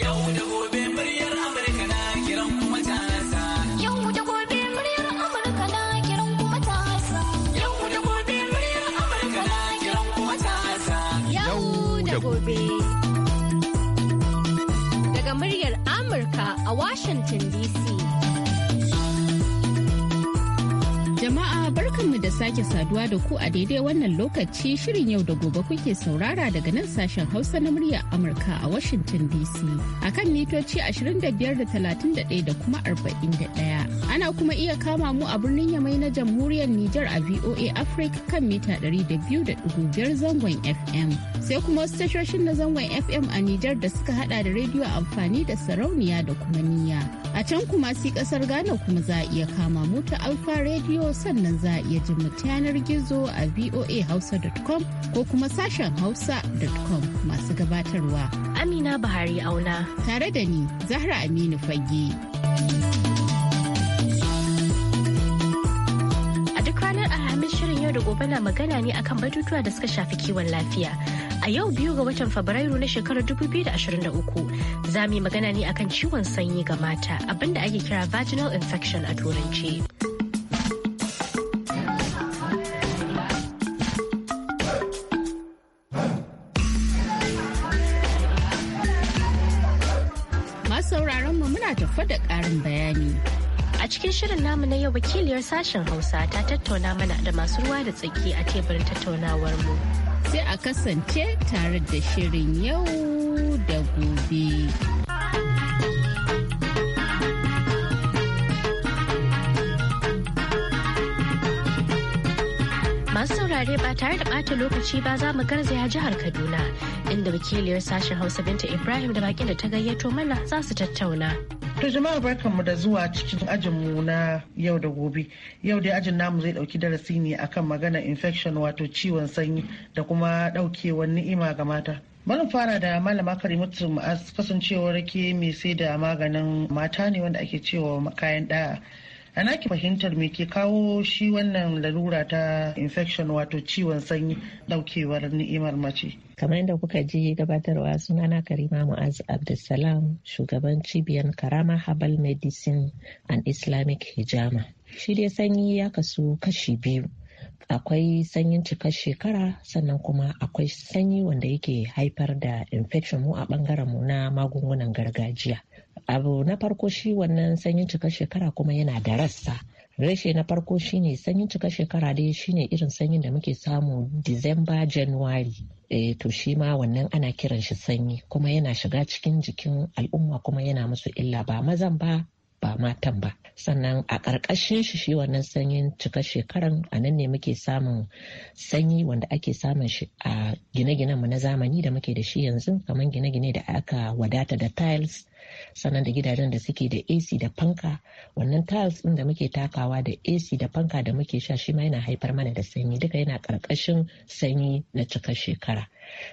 Yau da gobe muryar Amurka na kiran kuma ta Yau da gobe muryar Amurka na kiran kuma ta Yau da gobe muryar Amurka na kiran kuma ta Yau da gobe. Daga muryar Amurka a Washington DC. Jama'a Barkanmu da sake saduwa da ku a daidai wannan lokaci shirin yau da gobe kuke saurara daga nan sashen Hausa na murya Amurka a Washington DC a kan mitoci 25.31 da kuma 41. Ana kuma iya kama mu a birnin Yamai na Jamhuriyar Nijar a VOA Africa kan mita 200.5 zangon FM. sai kuma wasu tashoshin na zangon FM a Nijar da suka hada da rediyo amfani da sarauniya da kuma niya. A can kuma si kasar Ghana kuma za a iya kama mutu Alfa Radio sannan za a iya jin mu ta yanar gizo a voahausa.com ko kuma sashen hausa.com masu gabatarwa. Amina Buhari Auna. Tare da ni Zahra Aminu Fage. A duk ranar Alhamis shirin yau da gobe na magana ne akan batutuwa da suka shafi kiwon lafiya. A yau biyu ga watan Fabrairu na shekarar 2023 za mu yi magana ne akan ciwon sanyi ga mata abinda ake kira vaginal infection a turanci. mu muna tafa da ƙarin bayani. A cikin shirin namu na yau wakiliyar sashen Hausa ta tattauna mana da masu ruwa da tsaki a teburin tattaunawar mu. sai a kasance tare da shirin yau da gobe. masu saurare ba tare da ɓata lokaci ba za mu garzaya jihar Kaduna inda wakiliyar sashen Hausa Binta Ibrahim da baƙin da ta gayyato mana za su tattauna. To jama'a mu da zuwa cikin ajin mu na yau da gobe. Yau dai ajin namu zai dauki darasi ne akan magana infection wato ciwon sanyi da kuma daukewar ni'ima ga mata. Bari fara da malama Karimatu Ma'az kasancewar ke mai sai da maganin mata ne wanda ake cewa kayan ɗaya. Ana ki fahimtar me ke kawo shi wannan lalura ta infection wato ciwon sanyi daukewar ni'imar mace kamar yadda kuka ji gabatarwa sunana karima mu'az abdulsalam shugaban cibiyar karama herbal medicine and islamic hijama shi dai sanyi ya kasu kashi biyu akwai sanyin cikar shekara sannan kuma akwai sanyi wanda yake haifar da infection mu a bangaren mu na magungunan gargajiya abu na farko shi wannan sanyin cika shekara kuma yana da rassa rashe na farko shine sanyin cika shekara dai shine irin sanyin da muke samu disamba january eh to shi ma wannan ana kiran shi sanyi kuma yana shiga cikin jikin al'umma kuma yana musu illa ba mazan ba ba matan ba sannan a ƙarƙashin shi shi wannan sanyin cika shekaran a nan ne muke samun sanyi wanda ake samun shi a gine-ginen mu na zamani da muke da shi yanzu kamar gine-gine da aka wadata da tiles sannan da gidajen da suke da ac da fanka wannan tiles din da muke takawa da ac da fanka da muke sha shi ma yana haifar mana da sanyi duka yana karkashin sanyi na cikar shekara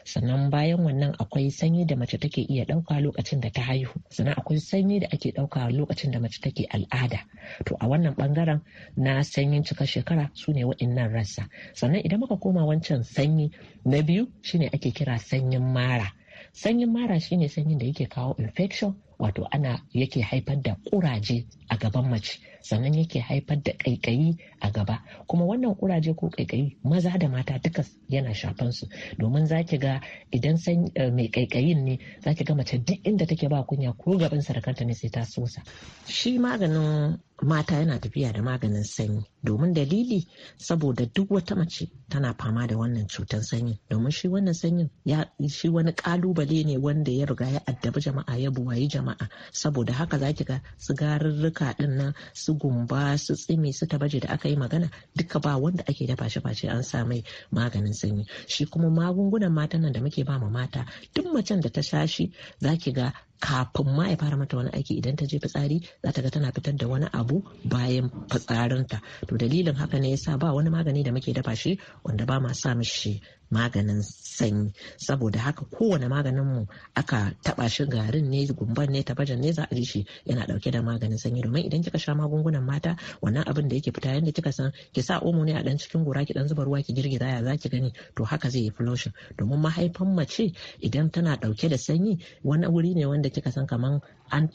sannan bayan wannan akwai sanyi da mace take iya ɗauka lokacin da ta haihu sannan akwai sanyi da ake ɗaukawa lokacin da mace take al'ada to a wannan bangaren na sanyin cikar shekara su ne wa'innan rassa sannan idan muka koma wancan sanyi na biyu shine ake kira sanyin mara sanyin mara shine sanyin da yake kawo infection wato ana yake haifar da kuraje a gaban mace sannan yake haifar da ƙaiƙayi a gaba kuma wannan kuraje ko ƙaiƙayi maza da mata duka yana shafan su domin za ki ga idan san eh, mai ƙaiƙayin ne za ki ga mace duk inda take ba kunya ko gaban sarakanta ne sai ta sosa shi maganin mata yana tafiya da maganin sanyi domin dalili saboda duk wata mace tana fama da wannan cutar sanyi domin shi wannan sanyin ya shi wani kalubale ne wanda ya riga ya addabi jama'a ya buwayi jama'a saboda haka zaki ga sigarurruka din nan su gumba su tsimi su tabaje da aka yi magana duka ba wanda ake dafa shi face an sa mai maganin sanyi shi kuma magungunan matan nan da muke ba ma mata duk macen da ta sha shi zaki ga kafin ma ya fara mata wani aiki idan ta je fitsari za ta ga tana fitar da wani abu bayan fitsarinta to dalilin haka ne yasa ba wani magani da muke dafa shi wanda ba ma sa mishi maganin sanyi saboda haka kowane maganin mu aka taba shi garin ne gumban ne tabajan ne za a ji shi yana dauke da maganin sanyi domin idan kika sha magungunan mata wannan abin da yake fita yanda kika san ki sa omo ne a dan cikin gora ki dan zuba ruwa ki girgiza ya zaki gani to haka zai yi flushing domin mahaifan mace idan tana dauke da sanyi wani wuri ne wanda kika san kaman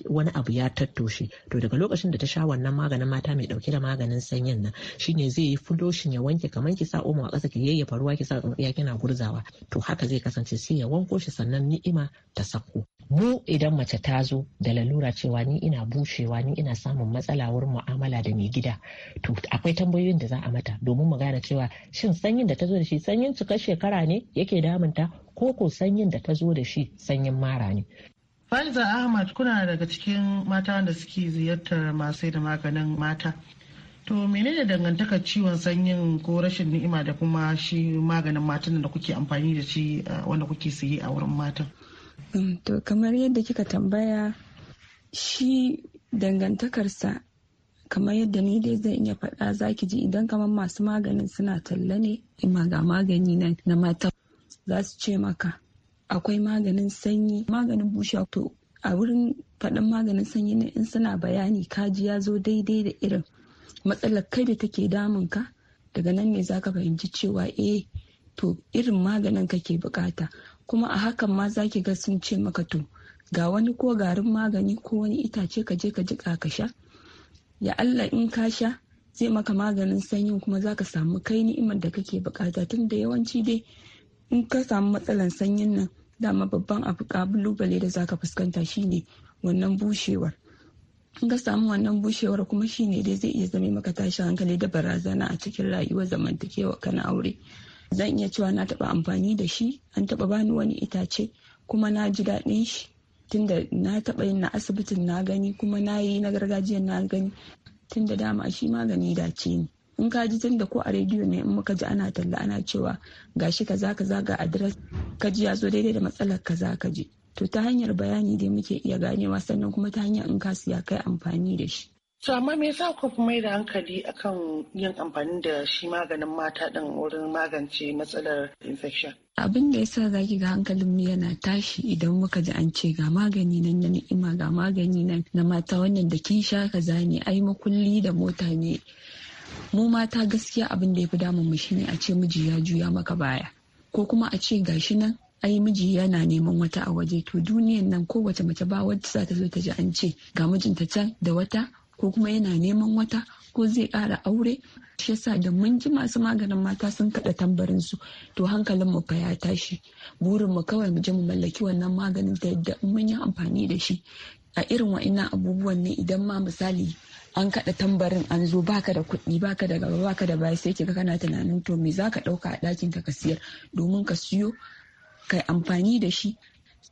wani abu ya tattoshe to daga lokacin da ta sha wannan maganin mata mai dauke da maganin sanyin nan shine zai yi fuloshin ya wanke kamar ki sa omo a ƙasa ki yayyafa ruwa ki sa ya kina gurzawa to haka zai kasance sai ya wanko shi sannan ni'ima ta sako mu idan mace ta zo da lalura cewa ni ina bushewa ni ina samun matsala wurin mu'amala da mai gida to akwai tambayoyin da za a mata domin mu gane cewa shin sanyin da ta zo da shi sanyin cikar shekara ne yake damunta ko ko sanyin da ta zo da shi sanyin mara ne Faiza Ahmad kuna daga cikin mata wanda suke ziyartar masu da maganin mata. To menene dangantakar ciwon sanyin ko rashin ni'ima da kuma shi maganin matan da kuke amfani da shi wanda kuke siye a wurin matan? Mm, to kamar yadda kika tambaya shi dangantakarsa kamar yadda ni dai zan iya faɗa zaki ji idan kamar masu maganin suna talla ne ga magani na mata za su ce maka akwai maganin sanyi maganin bushe to a wurin faɗin maganin sanyi ne in suna bayani kaji ya zo daidai da irin matsalar kai da take damun ka daga nan ne zaka fahimci cewa eh to irin maganin kake bukata kuma a hakan ma zaki ga sun ce maka to ga wani ko garin magani ko wani itace ka je ka ji ka sha ya Allah in ka sha zai maka maganin sanyin kuma zaka samu kai ni'imar da kake bukata tunda yawanci dai in ka samu matsalan sanyin nan dama babban abu kalubale da zaka fuskanta shine wannan bushewar in ka samu wannan bushewar kuma shine dai zai iya zame maka tashi hankali da barazana a cikin rayuwar zamantakewa kana aure zan iya cewa na taba amfani da shi an taba bani wani itace kuma na ji daɗin shi tunda na taba yin na asibitin na gani kuma na yi na gargajiyan na gani tunda dama shi magani dace ne in ka ji tun da ko a rediyo ne in muka ji ana talla ana cewa gashi kaza kaza ga adres ka ji ya zo daidai da matsalar kaza ka ji to ta hanyar bayani dai muke iya ganewa sannan kuma ta hanyar in ka siya kai amfani da shi to amma me yasa ku fi da hankali akan yin amfani da shi maganin mata din wurin magance matsalar infection abin da yasa zaki ga hankalin mu yana tashi idan muka ji an ce ga magani nan na ni'ima ga magani nan na mata wannan da kin sha kaza ne ai makulli da mota ne mu mata gaskiya abin da ya fi damun mu shine a ce miji ya juya maka baya ko kuma a ce gashi nan ai miji yana neman wata a waje to duniyan nan kowace mace ba wacce za ta zo ta ji an ce ga mijinta can da wata ko kuma yana neman wata ko zai ƙara aure shi yasa da mun ji masu maganin mata sun kaɗa tambarin su to hankalin mu fa ya tashi burin mu kawai mu je mu mallaki wannan maganin ta yadda mun yi amfani da shi a irin wa'innan abubuwan ne idan ma misali an kaɗa tambarin an zo baka da kuɗi baka da gaba baka da baya sai kika kana tunanin to me zaka ɗauka a ɗakin ka ka siyar domin ka siyo kai amfani da shi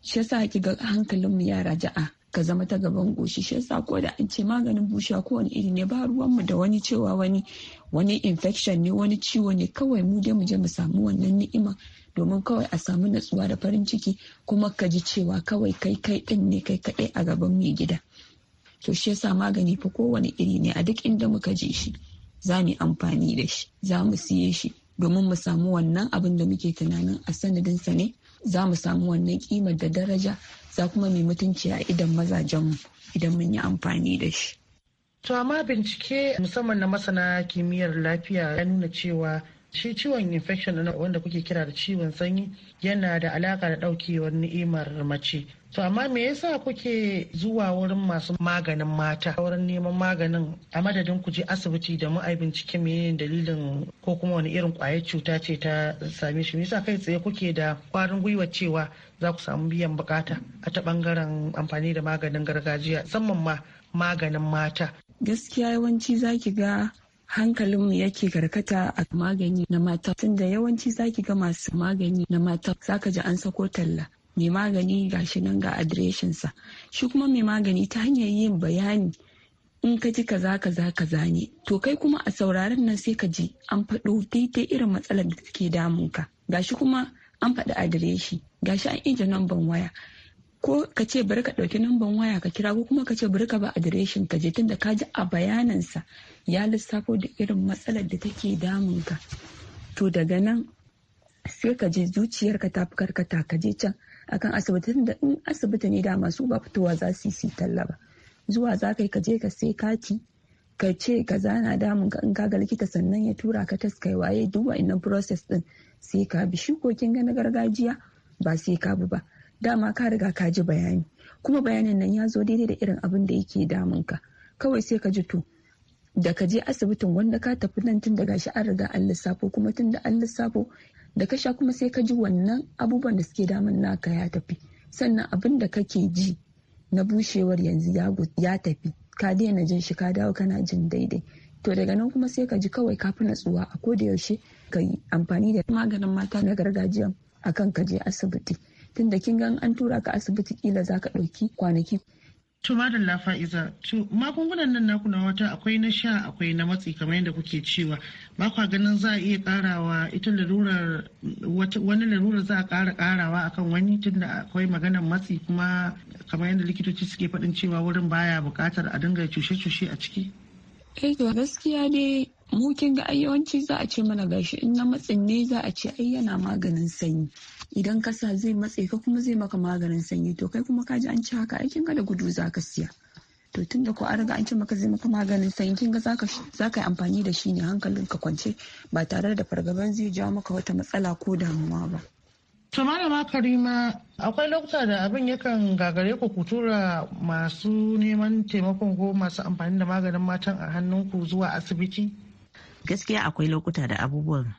shi yasa kiga hankalin mu yara ja'a ka zama ta gaban goshi shi yasa ko da an ce maganin bushewa wani iri ne ba mu da wani cewa wani wani infection ne wani ciwo ne kawai mu dai mu je mu samu wannan ni'ima domin kawai a samu natsuwa da farin ciki kuma ka ji cewa kawai kai kai din ne kai kaɗai a gaban mai gida to shi yasa magani fa kowane iri ne a duk inda muka je shi za mu amfani da shi za mu siye shi domin mu samu wannan abin da muke tunanin a sanadinsa ne za mu samu wannan kimar da daraja za kuma mai mutunci a idan mazajenmu idan mun yi amfani da shi. To amma bincike musamman na masana kimiyyar lafiya ya nuna cewa Shi ciwon infection wanda kuke kira da ciwon sanyi yana da alaka da ɗaukewar ni'imar mace. To amma me yasa kuke zuwa wurin masu maganin mata wurin neman maganin a madadin ku je asibiti da ai bincike menene dalilin ko kuma wani irin kwayar cuta ce ta same shi me yasa kai tsaye kuke da kwarin gwiwa cewa za ku samu biyan bukata a ta bangaren amfani da maganin gargajiya musamman ma maganin mata gaskiya yawanci zaki ga hankalinmu yake karkata a magani na mata tunda yawanci zaki ga masu magani na mata zaka ji an sako talla mai magani ga shi nan ga adireshinsa shi kuma mai magani ta hanyar yin bayani in ka ji kaza kaza kaza ne to kai kuma a sauraron nan sai ka ji an faɗo daidai irin matsalar da take damun ka gashi kuma an faɗi adireshi gashi an ije namban waya ko ka ce bari ka ɗauki namban waya ka kira ko kuma ka ce bari ka ba adireshin ka je tunda ka ji a bayanansa ya lissafo da irin matsalar da take damun ka to daga nan sai ka je zuciyarka ta fi karkata ka je can akan asibiti da in asibiti ne da masu ba fitowa za su yi talla ba zuwa za ka ka je ka sai kati ka ce ka zana damun ka in kaga likita sannan ya tura ka taskai waye duk wa'annan process din sai ka bi shukokin ga na gargajiya ba sai ka bi ba dama ka riga ka ji bayani kuma bayanin nan ya zo daidai da irin abin da yake damunka kawai sai ka ji to da ka je asibitin wanda ka tafi nan tun daga shi an riga an lissafo kuma tun da an lissafo da ka sha kuma sai ka ji wannan abubuwan da suke damun naka ya tafi sannan abin da kake ji na bushewar yanzu ya tafi ka daina jin shi ka dawo kana jin daidai to daga nan kuma sai ka ji kawai ka fi natsuwa a da yaushe ka yi amfani da maganin mata na gargajiya akan ka je asibiti tunda kin gan an tura ka asibiti kila za ka ɗauki kwanaki. To madalla fa'iza, to magungunan nan naku na wata akwai na sha akwai na matsi kamar yadda kuke cewa ba kwa ganin za a iya karawa ita larurar wani larurar za a kara karawa akan wani tunda akwai maganar matsi kuma kamar yadda likitoci suke faɗin cewa wurin baya buƙatar a dinga cushe-cushe a ciki. Eh to gaskiya dai mu kin ga ayyawanci za a ce mana gashi in na matsin ne za a ce ai yana maganin sanyi idan ka sa zai matse ka kuma zai maka maganin sanyi to kai kuma ka ji an ci haka aikin ka da gudu za ka siya to tun da ko an riga an ci maka zai maka maganin sanyi kin ga za ka yi amfani da shi ne hankalin ka kwance ba tare da fargaban zai jawo maka wata matsala ko damuwa ba. To malama Karima akwai lokuta da abin yakan gagare ku tura masu neman taimakon ko masu amfani da maganin matan a hannun ku zuwa asibiti? gaskiya akwai lokuta da abubuwan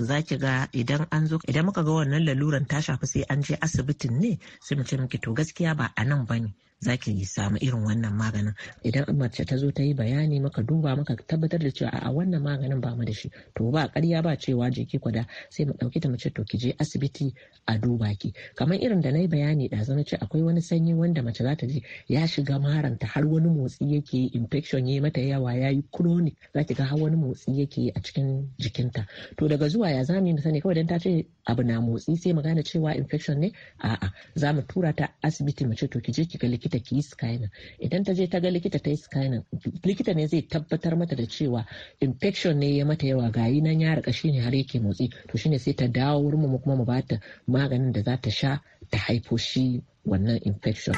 za ki ga idan an zo idan muka ga wannan laluran ta shafi sai an je asibitin ne sai mu ce miki to gaskiya ba a nan ne. za ki samu irin wannan maganin idan mace ta zo ta yi bayani maka duba maka tabbatar da cewa a wannan maganin ba mu da shi to ba ƙarya ba cewa je kwada sai mu ɗauki ta mace to ki je asibiti a duba ki kamar irin da na yi bayani da zama ce akwai wani sanyi wanda mace za ta ji ya shiga maranta har wani motsi yake yi infection ya mata yawa ya yi chronic za ki ga har wani motsi yake a cikin jikinta to daga zuwa ya zamu mu sani kawai dan ta ce abu na motsi sai mu gane cewa infection ne a'a za mu tura ta asibiti mace to ki je ki ga likita likita ki yi scanning idan ta je ta ga likita ta yi scanning likita ne zai tabbatar mata da cewa infection ne ya mata yawa gayi nan ya rika ne har yake motsi to shine sai ta dawo wurin mu kuma mu bata maganin da za ta sha ta haifo shi wannan infection.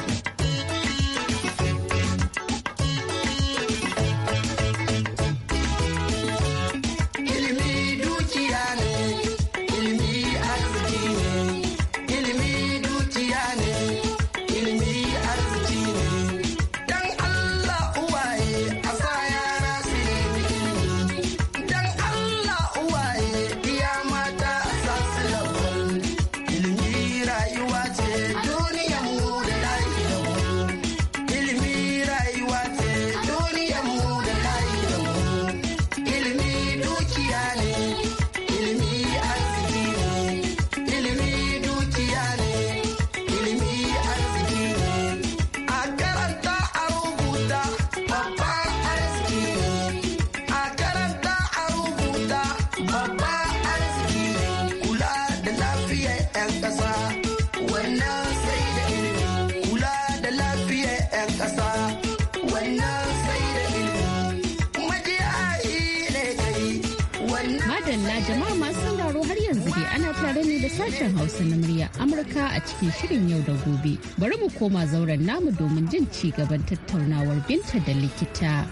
sashen Hausa na murya Amurka a cikin shirin yau da gobe. Bari mu koma zauren namu domin jin ci gaban tattaunawar binta da likita.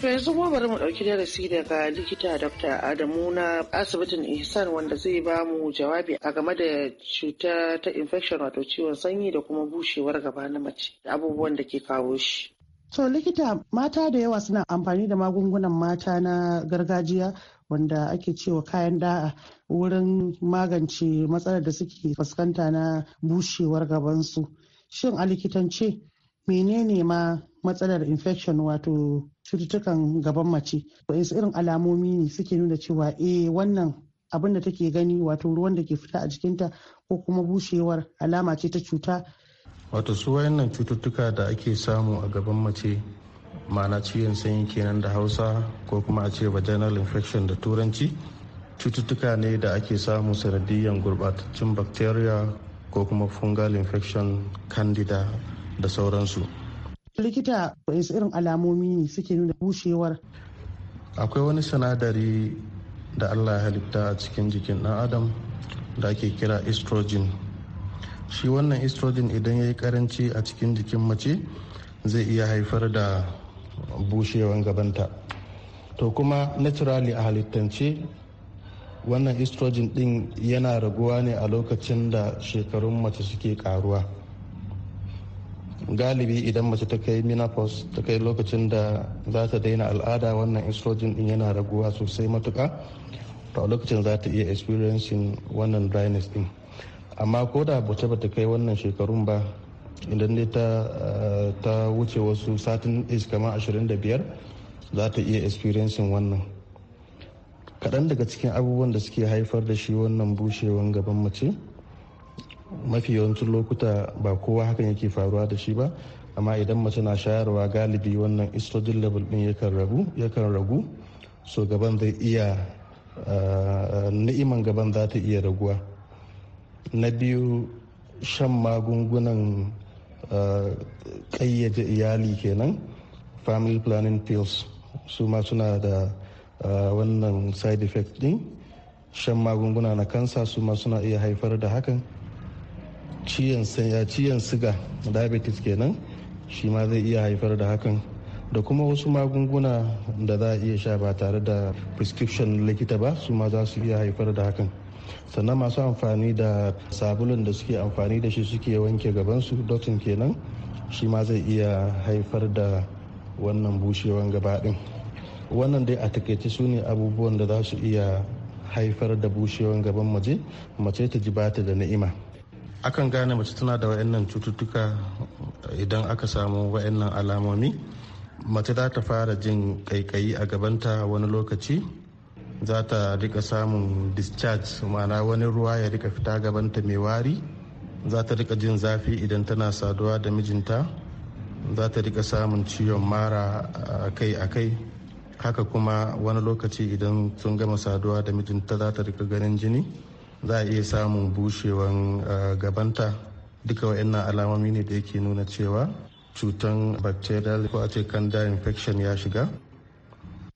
To yanzu kuma bari mu ɗauki darasi daga likita Dr. Adamu na asibitin Ihsan wanda zai ba mu jawabi a game da cuta ta infection wato ciwon sanyi da kuma bushewar gaba na mace abubuwan da ke kawo shi. To likita mata da yawa suna amfani da magungunan mata na gargajiya wanda ake cewa kayan da'a wurin magance matsalar da suke fuskanta na bushewar gabansu shin a likitance menene ma matsalar infection wato cututtukan gaban mace waɗansu irin alamomi ne suke nuna cewa eh wannan abin da take gani wato ruwan da ke fita a jikinta ko kuma bushewar alama ce ta cuta wato su wayannan cututtuka da ake samu a gaban mace ma'ana ciwon sanyi kenan da hausa ko kuma a ce vaginal infection da turanci cututtuka ne da ake samu sanadiyyar gurbataccen bacteria ko kuma fungal infection candida da sauransu likita wasu irin alamomi ne suke nuna bushewar akwai wani sinadari da allah halitta a cikin jikin dan adam da ake kira estrogen shi wannan estrogen idan ya yi karanci a cikin jikin mace zai iya haifar da bushewan gabanta to kuma naturally a halittance wannan estrogen din yana raguwa ne a lokacin da shekarun mace suke karuwa galibi idan mace ta kai menopause ta kai lokacin da za ta daina al'ada wannan estrogen din yana raguwa sosai matuka to a lokacin za ta iya experiencing wannan dryness din amma ko da bace ba ta kai wannan shekarun ba idan dai eh, ta wuce wasu satin is kama 25 za ta iya experiencing wannan kaɗan daga cikin abubuwan da suke haifar da shi wannan bushewan gaban mace mafi yawancin lokuta ba kowa hakan yake faruwa da shi ba amma idan mace na shayarwa galibi wannan estrogen level din yakan ragu so gaban zai iya eh, ni'iman gaban za ta iya raguwa na biyu shan magungunan Uh, ƙayyade iyali kenan family planning pills su ma suna da uh, wannan side effect din shan magunguna na kansa su ma suna iya haifar da hakan ciyan siga uh, diabetes kenan shi ma zai iya haifar da hakan da kuma wasu magunguna da za a iya sha ba tare da prescription likita ba su ma za su iya haifar da hakan sannan masu amfani da sabulun da suke amfani da shi suke wanke gabansu dotin kenan shi ma zai iya haifar da wannan bushewan gabaɗin wannan dai a takaice su ne abubuwan da za su iya haifar da bushewan gaban maje mace ta ji bata da ni'ima akan gane mace tana da wa'annan cututtuka idan aka samu wayannan alamomi mace za ta fara jin kaikayi a gabanta wani lokaci za ta rika samun discharge ma'ana wani ruwa ya rika fita gabanta mai wari za ta rika jin zafi idan tana saduwa da mijinta za ta rika samun ciwon mara akai-akai haka kuma wani lokaci idan sun gama saduwa da mijinta za ta rika ganin jini za a iya samun bushewan eh, gabanta duka wa'annan alamomi ne da yake nuna cewa cutan bacterial ko a ce candida infection ya shiga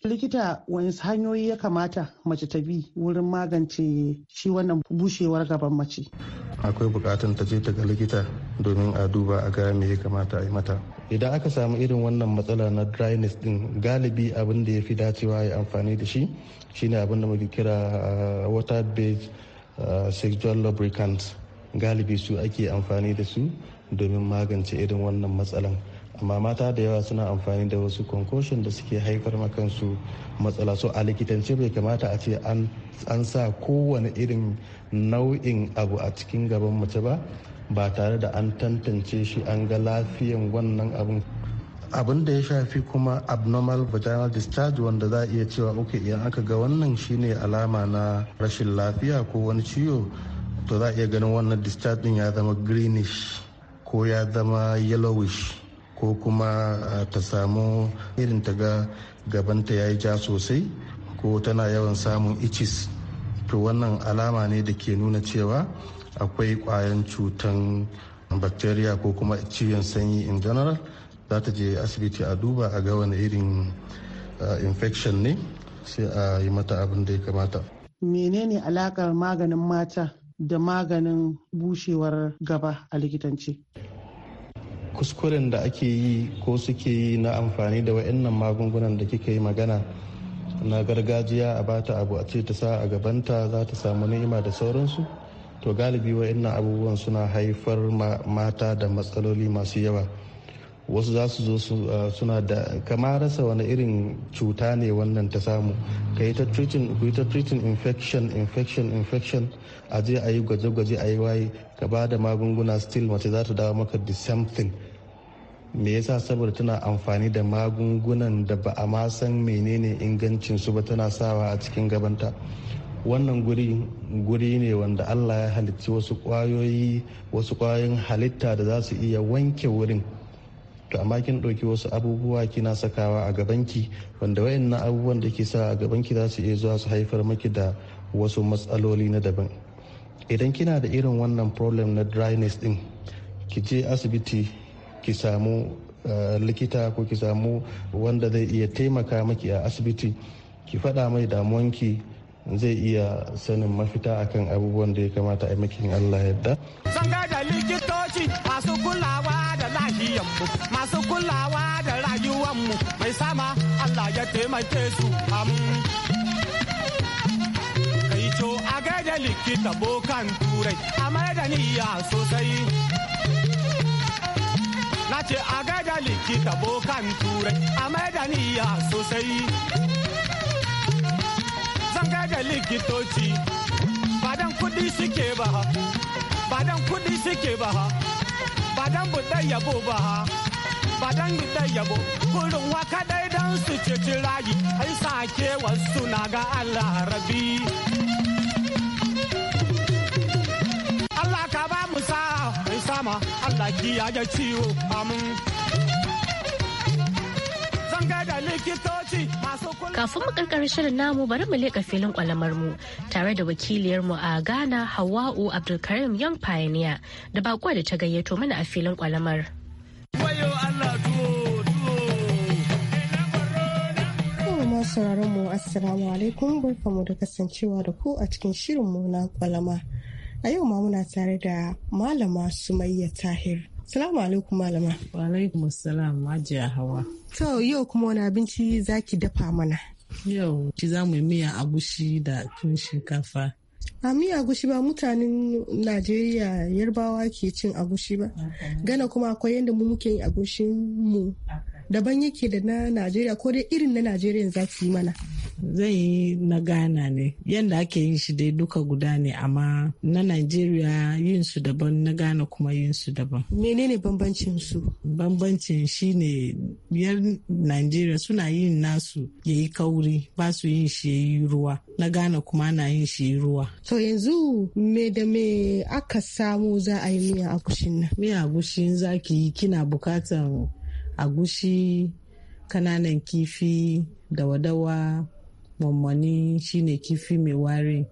likita wani hanyoyi ya kamata mace ta bi wurin magance shi wannan bushewar gaban mace akwai bukatan ta je ta ga likita domin a duba a ga me ya kamata a yi mata idan aka samu irin wannan matsala na dryness din galibi abin da ya fi dacewa ya amfani da shi shine abin da muke kira ah, water based ah, sexual lubricants galibi su ake amfani da su domin magance irin wannan matsalan amma mata da yawa suna amfani da wasu concussion da suke haifar ma kansu matsala so a likitance bai kamata a ce an sa kowane irin nau'in abu a cikin gaban mace ba ba tare da an tantance shi an ga lafiyan wannan abun abin da ya shafi kuma abnormal vaginal discharge wanda za a iya cewa ok idan aka ga wannan shine alama na rashin lafiya ko wani ciwo to za a iya ganin wannan discharge din ya zama greenish ko ya zama yellowish ko kuma ta samu irin ta ga gabanta ya yi ja sosai ko tana yawan samun icis to wannan alama ne da ke nuna cewa akwai kwayan cutan bacteria ko kuma ciwon sanyi in general za ta je asibiti a duba a ga wani irin infection ne sai a yi mata abin da ya kamata menene alakar maganin mata da maganin bushewar gaba a likitanci kuskuren da ake yi ko suke yi na amfani da wa'annan magungunan da kika yi magana na gargajiya a bata abu a ce ta sa a gabanta za ta samu ni'ima da sauransu to galibi wa'annan abubuwan suna haifar mata da matsaloli masu yawa wasu za su zo suna da kama rasa wani irin cuta ne wannan ta samu ka yi ta treating infection infection infection a je a yi gwaje-gwaje a yi waye ka ba da magunguna still mace za ta dawo maka the same thing me yasa saboda tana amfani da magungunan da ba a ma san menene ingancin su ba tana sawa a cikin gabanta wannan guri guri ne wanda allah ya halitta wasu kwayoyi wasu kwayoyin halitta da za su iya wanke wurin to amma kin ɗauki wasu abubuwa kina sakawa a gabanki wanda wayannan abubuwan da ke sa a gabanki za su iya zuwa su haifar maki da wasu matsaloli na daban idan kina da irin wannan problem na dryness din ki je asibiti ki samu eh, likita ko ki samu wanda zai iya taimaka maki a asibiti ki faɗa mai damuwanki zai iya sanin mafita akan abubuwan da ya kamata a makin Allah yadda. zanga da likitoci masu kulawa da lahiyanmu, masu kulawa da rayuwanmu mai sama Allah ya taimake su amin. to a gaida likita bokan turai a da niyya sosai na ce a gaida likita bokan turai a da niyya sosai zan gaida likitoci badan kudi suke ba ha badan kudi suke ba ha badan buɗe yabo ba ha badan buɗe yabo kurin waka dai don su ceci rayu ai sake wasu na ga Allah rabi. sama Allah Kafin mu karkar shirin namu bari mu leƙa filin kwalamar mu tare da wakiliyar mu a Ghana Hawa'u Abdulkarim Young Pioneer da bakuwa da ta gayyato mana a filin kwalamar. sauraron mu assalamu alaikum barkamu da kasancewa da ku a cikin shirin mu na kwalama a yau ma muna tare da malama sumayya tahir salamu alaikum malama wa alaikum salam Majiya hawa to yau kuma wani abinci zaki dafa mana yau ci za mu yi miya agushi da tun shinkafa a miya agushi ba mutanen najeriya yarbawa ke cin agushi ba gana kuma akwai yadda mu muke yin agushin mu daban yake da na najeriya ko dai irin na najeriya za ki yi mana zan yi na ghana ne yadda ake yin shi dai duka guda ne amma na nigeria yin su daban na ghana kuma yin su daban menene bambancin su bambancin shine biyar Najeriya suna yin nasu ya yi kauri ba su yin shi ya yi ruwa na ghana kuma na yin shi ya ruwa to yanzu me da me aka samu za a yi miya agushin nan miya agushin yi kina bukatan agushi kananan kifi da wadawa mammani shine kifi mai ware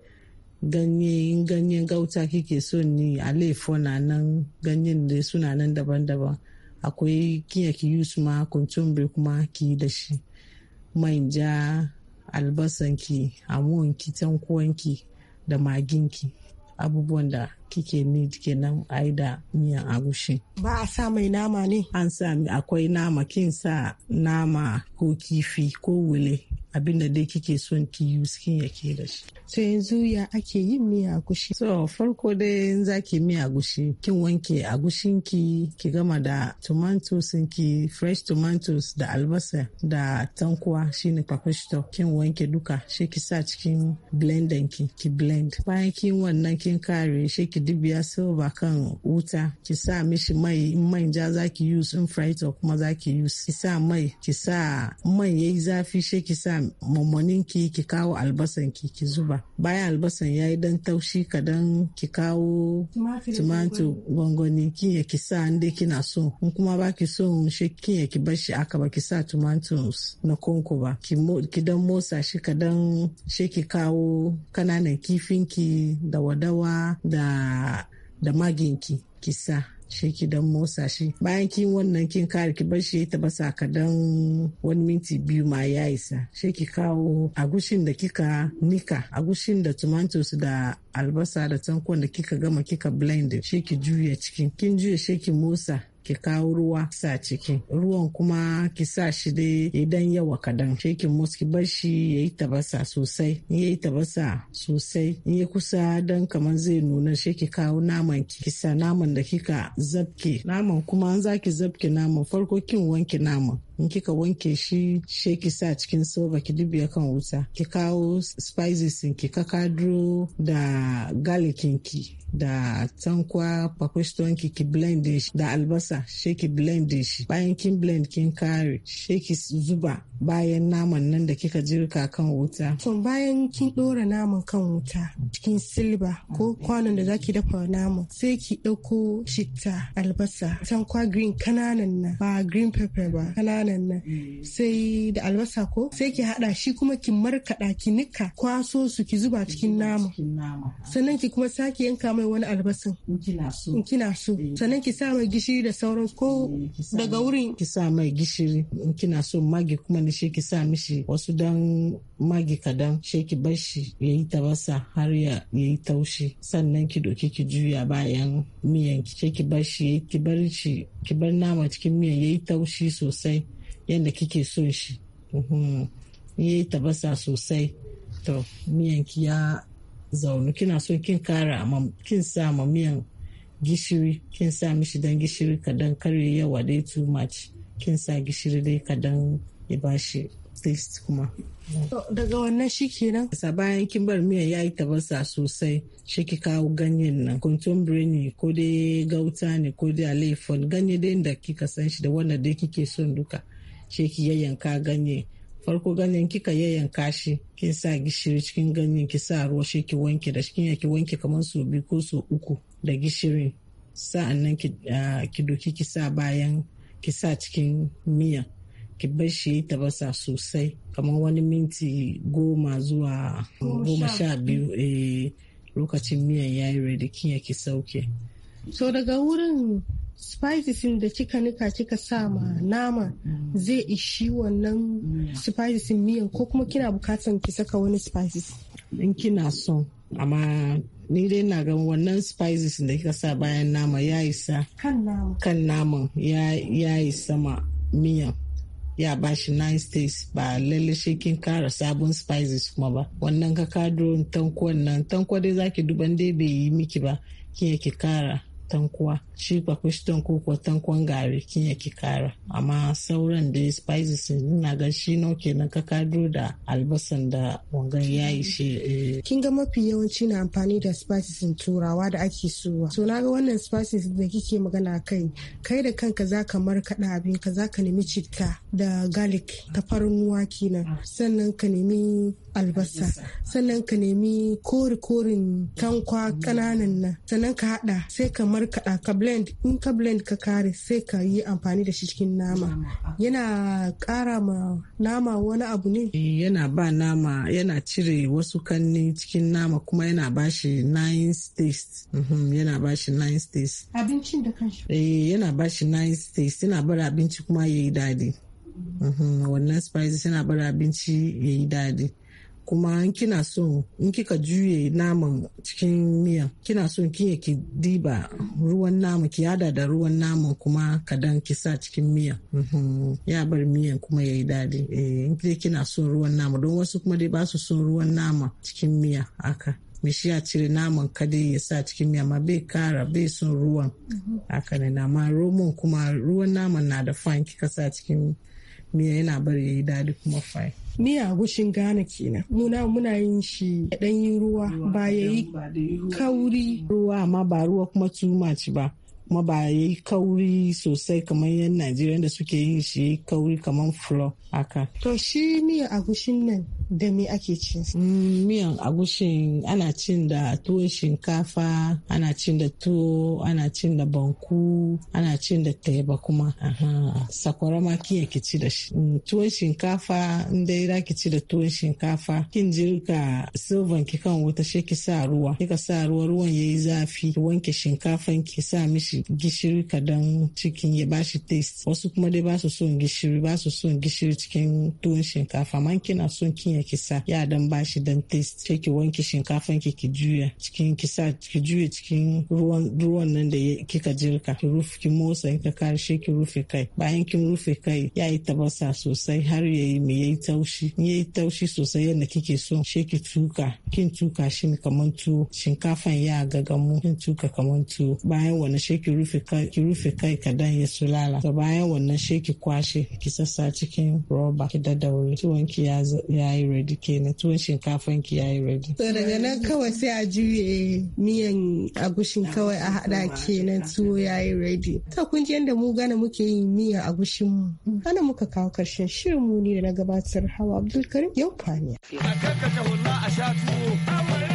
ganye ganyen gauta kike so ni alefo na nan ganyen da suna nan daban-daban akwai kiya ki yusu ma kuntumbe kuma ki da shi manja albasanki amonki tankuwanki da maginki abubuwan da kike ni kenan a yi da miyan agushi. Ba a sa mai nama ne? An sa akwai nama kin sa nama ko kifi ko wule abinda dai kike son ki yi skin yake da shi. So yanzu ya ake yin miya agushi? So farko dai in za ki miya agushi kin wanke agushinki ki gama da tomatoes ki fresh tomatoes da albasa da tankuwa shine pakwashto kin wanke duka shi ki sa cikin blender ki ki blend. Bayan kin wannan kin kare shi ki dibiya silva kan wuta ki sa mishi mai in ja za ki use in fryta kuma za ki use ki sa mai ki sa man yayi zafi she ki sa mamanin ki ki kawo albasan ki ki zuba bayan albasan yayi dan taushi kadan ki kawo tumatu gwangwani ya ki sa inda kina so in kuma ba ki so she ya ki bar shi aka ba ki sa tomatoes na konko ba ki dan motsa shi kadan shi ki kawo kananan kifin ki da wadawa da da maginki kisa shi ki dan motsa shi bayan kin wannan kin kare ki bar shi ya taba sakadan wani minti biyu ma ya isa shi ki kawo agushin da kika nika agushin da tomatoes da albasa da tankon da kika gama kika blend shi ki juya cikin kin juya shi ki motsa ki kawo ruwa sa ciki ruwan kuma ki sa shi dai idan yawa kadan sai ki bar shi yayi tabasa sosai in yayi tabasa sosai in ya kusa dan kamar zai nuna sai ki kawo naman ki Kisa naman da kika zabke naman kuma an zaki zabke naman farko kin wanke naman in kika wanke shi she ki sa cikin soba ki dubiya kan wuta ki kawo spices ki kakadro da garlic ki da tankwa pakistan ki ki blend shi da albasa she ki blend shi bayan kin blend kin kare ki zuba bayan naman nan da kika jirka kan wuta to bayan kin dora naman kan wuta cikin silba ko kwanon da zaki dafa naman sai ki dauko shitta albasa tankwa green kananan nan ba green pepper ba kananan kananan nan mm. sai da albasa ko sai ki haɗa shi kuma ki markada ki nika kwaso su ki zuba cikin nama sannan ki kuma sake yanka mai wani albasan in kina so eh. sannan ki sa mai gishiri da sauran ko eh, daga wurin ki sa mai gishiri in kina so magi kuma ne shi sa mishi wasu dan magi kadan shi ki bar shi yayi tabasa har ya yayi taushi sannan ki doki ki juya bayan miyan ki ki bar shi ki bar shi ki bar nama cikin miyan yayi taushi sosai yadda kike son shi yi mhm. tabasa sosai to ki ya zaunu kina so kin kara kin sa ma miyan gishiri kin sa mishi dan gishiri kadan kare yawa dai too much kin sa gishiri dai kadan ya bashi taste kuma daga wannan shi kenan sa bayan kin bar miyan ya yi tabasa sosai shi ki kawo ganyen nan contemporary ne ko dai gauta ne ko dai alaifon ganye dai da kika san shi da wanda dai kike son duka ce ki yayyanka ganye farko ganyen kika yayyanka shi kin sa gishiri cikin ganyen ki sa ruwa shi ki wanke da shi ki wanke kamar su biyu ko su uku da gishirin sa'annan ah, ki doki ki sa bayan ki sa cikin miya ki bar shi ya tabasa sosai kamar wani minti goma zuwa goma sha biyu eh, lokacin miyan ya yi kin ya ki sauke so daga wurin spices da kika nika kika sa ma nama zai ishi wannan spices miyan ko kuma kina bukatan ki saka wani spices in kina so amma ni dai na ga wannan spices da kika sa bayan nama ya isa kan naman ya isa ma miyan ya ba shi nine states ba lalle shi kin kara sabon spices kuma ba wannan ka kadro tanko nan tanko dai zaki duban dai bai yi miki ba kin yake kara tankuwa shi ba kwishton ko kuwa tankuwan gari kin yake kara amma sauran da spices na ga shi no kenan ka kado da albasan da wangan yayi shi eh. kin ga mafi yawanci na amfani da spices turawa da ake suwa so na ga wannan spices da kike magana kai kai da kanka zaka markaɗa abin ka zaka nemi citta da garlic tafarnuwa kenan sannan ka nemi albasa sannan ka nemi kori korin tankwa kananan nan sannan ka haɗa sai ka kamar kaɗa ah, ka blend in ka blend ka kare sai ka yi amfani da shi cikin nama yana ƙara ma nama wani abu ne eh, yana ba nama yana cire wasu kanni cikin nama kuma yana ba shi nine states mhm, yana ba shi nine states abincin da kanshi eh yana ba shi nine states yana bar abinci kuma ya yi daɗi mhm, wannan spices yana bar abinci ya yi daɗi kuma in kina so in kika juye naman cikin miya kina so kin ki diba ruwan naman ki yada da ruwan naman kuma ka dan ki sa cikin miya mhm. ya bar miyan kuma yayi dadi eh, in dai kina so ruwan nama don wasu kuma dai ba su son ruwan nama cikin miya haka me shi ya cire naman kadai ya sa cikin miya ma bai kara bai son ruwan haka ne na ma roman kuma ruwan naman na da fine kika sa cikin miya yana bari ya yi daɗi kuma fine miya gushin Ghana kenan muna muna yin shi ɗanyin ruwa ba yayi kauri ruwa amma ba ruwa kuma tumaci ba kuma ba yi kauri sosai kamar yan najeriya da suke yin shi kauri kamar flo haka to shi miyan agushin nan da me ake cin mm, miyan agushin ana cin da tuwon shinkafa ana cin da tuwo ana cin da banku ana cin da teba kuma sakwara ma kiyar ki ci da shi mm, tuwon shinkafa in dai za ki ci da tuwon shinkafa kin jirka silvan ki kan wuta shi ki sa ruwa kika sa ruwa ruwan yayi zafi wanke shinkafan ki sa mishi gishiri kadan cikin ya ba shi taste wasu kuma dai ba su son gishiri ba su son gishiri cikin tuwon shinkafa man kina son kin ya kisa ya dan ba shi dan taste sai ki wanke shinkafan ki ki juya cikin kisa ki juya cikin ruwan ruwan nan da kika jirka ki rufe ki motsa in ka karshe ki rufe kai bayan kin rufe kai ya yi tabasa sosai har ya yi me yayi taushi in yi taushi sosai yadda kike so sai ki tuka kin tuka shi kamar tuwo shinkafan ya gagamu kin tuka kamar tuwo bayan wani sai ki rufe kai ki rufe kai kadan ya lala to bayan wannan shi ki kwashe ki sassa cikin roba ki daddaure tuwon ki ya yi ready kenan tuwon shinkafan ki ya yi ready to daga nan kawai sai a juye miyan agushin kawai a hada kenan tuwo ya yi ready ta kun ji yadda mu gana muke yin miyan agushin mu ana muka kawo karshen shirin mu ne da na gabatar hawa abdulkarim yau faniya a kakkata wallah a sha tuwo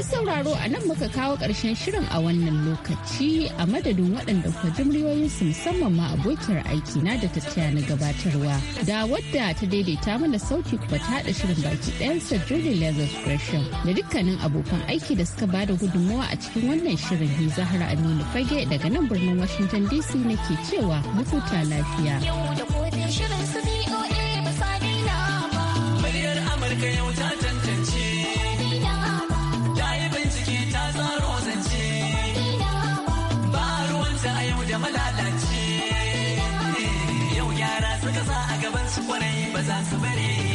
Masu sauraro a nan muka kawo ƙarshen shirin a wannan lokaci a madadin waɗanda kwa jimriyoyinsu musamman ma abokiyar aiki na da ta na gabatarwa. Da wadda ta daidaita mana sauti kuma ta haɗa shirin baki ɗayansa Julie Lazarus Gresham da dukkanin abokan aiki da suka bada gudunmawa a cikin wannan shirin ne Zahra Aminu Fage daga nan birnin Washington DC nake cewa mu lafiya. Yau da shirin su ba sa Amurka yau ta gaban su kwarai ba za su bare